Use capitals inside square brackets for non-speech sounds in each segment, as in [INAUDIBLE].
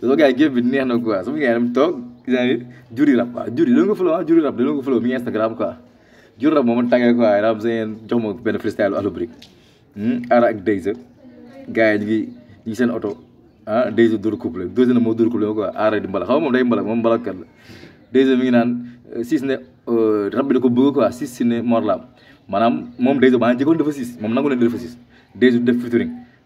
soo gars yi géej bi neex na quoi sama gars yi dem toog gis naa ni juri rab quoi juri dina ko follow ah juri rab dina ko follow mi ngi Instagram quoi juri rab am jox ma benn freestyle lu hmm, Ara ak Deyza gars yi ñu seen oto ah Deyza dóor couple Deyza na moo dóor couple quoi Ara di mbala xaw ma moom day mbala moom mbala kat la mi ngi naan euh, siis ne euh, rab bi da ko bëgg quoi siis ne Mor Lam maanaam moom Deyza baa jëkkoon dafa siis moom nangu leen siis Deyza def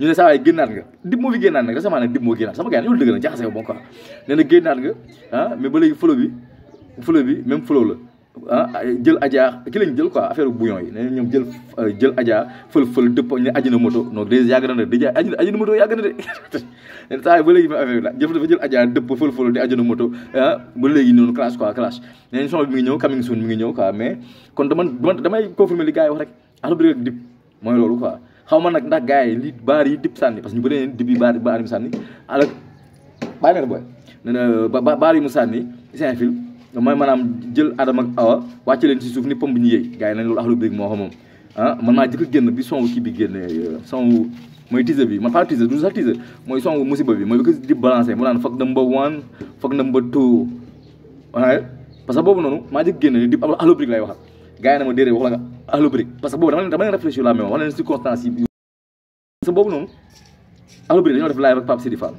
ñu ne saa waay génnaat nga dib moo fi génnaat nag récemment nag dib moo génnaat na jaxase yow bon quoi na génnaat nga ah mais ba léegi flow bi flow bi même la ah jël Adja ki lañ yi na ñoom jël euh, jël Adja fël dëpp ne aji na moto non dèjà de [LAUGHS] saa ba léegi ma affaire dafa jël Adja dëpp fël fël di aji na moto ah ba léegi noonu clash quoi clash nee nañ son bi mi ngi ñëw coming soon mi ngi ñëw quoi mais kon dama damay confirmer mooy loolu quoi xaw ma nag ndax gars yi li baar yi dib sànni parce que ñu bëree neen dib yi baar baar yi mu sànni alors bàyyi na booy nee na ba baar yi mu sànni seen fil mooy maanaam jël Adama ak Awa wàcce leen ci suuf ni pomb ñu yëy gars yi nañ loolu axlu birig moo xam moom ah man maa jëkk génn bi son kii bi génne euh, son mooy teaser bi man pas du sax mooy son musiba bi mooy bi ko di balancé mu naan fuck number one fuck number two parce que boobu noonu maa jëkk génn ni dib axlu birig lay waxal gars yi na ma déedéet wax la en parce que boobu dama leen dama leen réfléchir la même wax leen circonstances yi. parce que boobu noonu en dañoo def live ak Pape Sidi Fall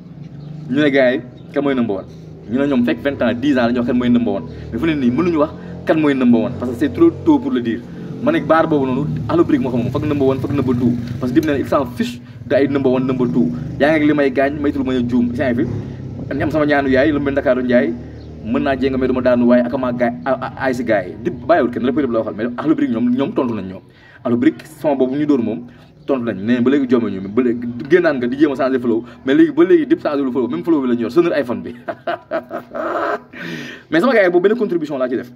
ñu ne gars yi mooy number one ñu ne ñoom fekk vingt ans dix ans la ñu wax kan mooy number one mais fu ne nii mënuñu wax kan mooy number one parce que c' trop tôt pour le dire. ma ne baar boobu noonu Lombric moo xam moom fag number one fag number two parce que dim ne il s'en fiche de ay number one number two yaa ngi li may gaañ maytul may a juum si fi am sama ñaanu yaay lu mel Ndakaaru mën naa jénga mais du daanu waaye akamaa ay si gars yi di bàyyiwul kenn lépp lépp la waxal mais ahlu brick ñoom ñoom tontu nañ ñoom ahlu brick son boobu ñu dóor moom tontu nañ nee ba léegi jomme ñu ba léegi génnaan nga di jéem a changé flow mais léegi ba léegi dip changé lu flow même flow bi la ñu yor iPhone bi [LAUGHS] mais sama gars yi boobu benn contribution laa ci def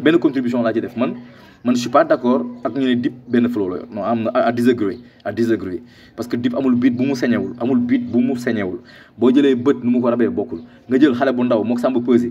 benn contribution laa ci def man man je suis pas d' accord ak ñu ne Dip benn flow la yor am na à disagree à disagree parce que Dip amul biit bu mu sañewul amul biit bu mu sañewul boo jëlee bët nu mu ko rabee bokkul nga jël xale bu ndaw mook Samba Peuzé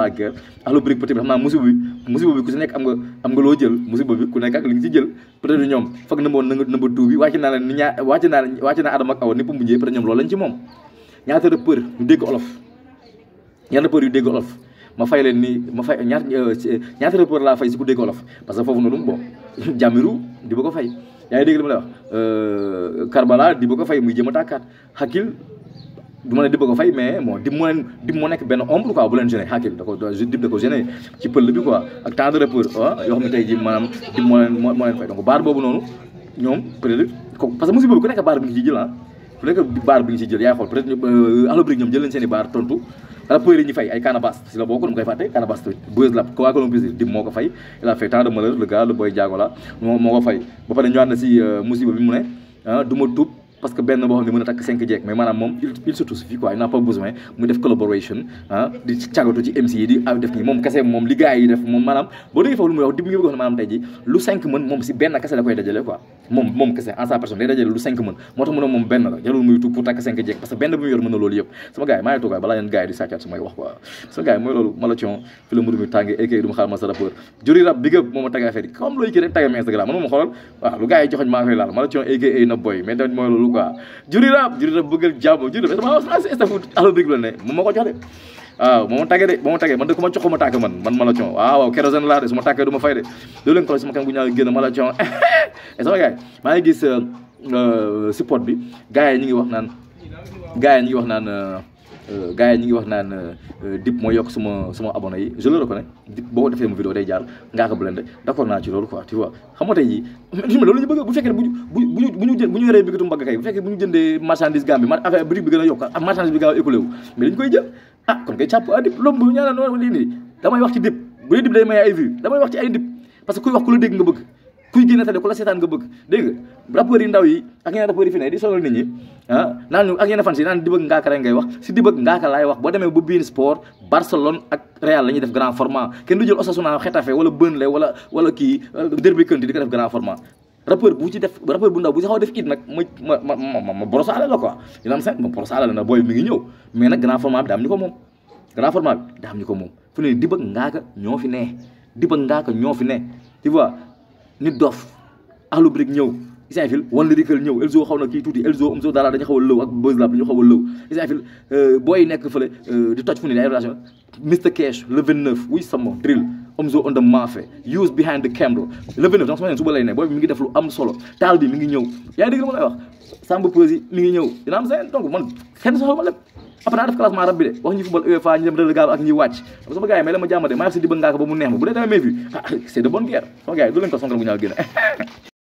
la guerre ahlu brique peut-être bi musiba bi ku si am nga loo jël musiba bi ku nekk ak li si jël peut-être ñoom fag na nga nëmba tuu bi wàcc naa leen ni ñaa wàcc naa ñoom loolu lañ ci moom ñaata rappeur yu dégg olof ñaata rappeur yu dégg olof ma fay leen ni ma fay ñaata euh, ñaata rappeur laa fay si ku dégg olof parce que foofu noonu bon [LAUGHS] jàmmiru di ba fay yaa dégg li ma lay wax euh, di ba fay muy jëm a xakil du ma ne dib ko fay mais bon dib moo leen dib moo nekk benn ombre quoi bu leen gêné Hakim da ko dib da ko gêné ci pël bi quoi ak tant de rappeur ah, waaw yoo xam ne tey jii maanaam dib moo leen moo leen fay donc baar boobu noonu ñoom peut être ko parce que musique boobu ku nekk baar bi nga ciy jël ah ku nekk baar bi nga ciy jël yaay xool peut être euh, Akhlou Brick ñoom jël nañ seen i baar tontu rappeurs yi ñu fay ay Canabasse si la bokk dama koy fàtte Canabasse tamit buzz la ko waa ko bis dib moo ko fay il a fait tant de malheur le gars le boy Diago la moo moo ko fay ba pare ñu ànd si euh, musiba bi mu ne ah du ma tuub parce que benn boo muy wax di mu loolu yëpp su may wax mooy loolu Malathion la mbir mi tàngee ékay du ma xaar ma sa rappeur juri rab bi gëpp moom a tagg affaire yi comme looy kii rek ma Instagram man moom xoolal waaw lu gars na boy mais mooy loolu moom quoi juri raam juri raam bëggal jàmm juri dama wax français ah, staff allo big ne moom moo ko jox de waaw moo ma tàggee de moo ma tàggee man de ma jox ma tàgg man man ma la coow waaw waaw kérosène laa de su ma tàggee du ma fay de loolu leen ko sama kanam bu ñaaw génn ma la coow et sama gars maa ngi gis euh, euh, support bi gars yi ñu ngi wax naan gars yi ñu ngi wax naan euh, Euh, gars yi ñu ngi wax naan euh, Dip mooy yokk suma suma abonné yi je le reconnais Dip boo defee mu vidéo day jaar ngaa ko blende d'accord fekkee buñu bu jë bu ñu yoree bigitu mbagg kay bu fekkee bu ma affaire boutique bi gën a a ah, ah, damay wax ci bu dee Dip may damay wax ci ay Dip parce que kuy wax ku la dégg nga bëgg kuy gëna tali ko la sétane nga bëgg dégg rap rappeur yi ndaw yi ak yeneen rappeur yi fi ne di sonal nit ñi ah naan ak yeneen fan ci naan di bëgg ngaaka rek ngay wax si di bëgg ngaaka lay wax bo démé bu sport Barcelone ak Real lañu def grand format kenn du jël Osasuna xetafé wala Burnley wala wala ki Derby County di ko def grand format rappeur bu ci def rappeur bu ndaw bu ci xaw def kit nak ma ma ma ma ma la quoi dina am sax ma la na boy mi ngi ñëw mais nak grand format bi daa am ko mom grand format bi daa ko mom fu ne di bëgg ngaaka ño fi né di bëgg ngaaka ño fi né tu vois nit dof Akhlou Brick ñëw Issa Fil one lirikal ñëw Elzo xaw na kii Elzo umzo Dara dañu xaw a lëw ak Buzz Lab dañu xaw a lëw Issa Fil euh, booy nekk fële euh, di toj fu ne ay relation Mr Cash le 29 wuy sama drill Umzo on the maafe use behind the camera le 29 donc sama neen suba lay ne Boy, bi mi ngi def lu am solo taal bi mi ngi ñëw yaa dégg ma lay wax Samba Peuzzi mi ngi ñëw dina am seen donc man kenn soxla lépp après naa def classement rab bi de wax ñi football UEFA ñi dem relégable ak ñi wàcc donc sama gars yi ma jàmm de maa di bëgg ba mu neex ma bu dee may fi c'est de bonne guerre sama gars yi du leen ko songal bu ñaaw génn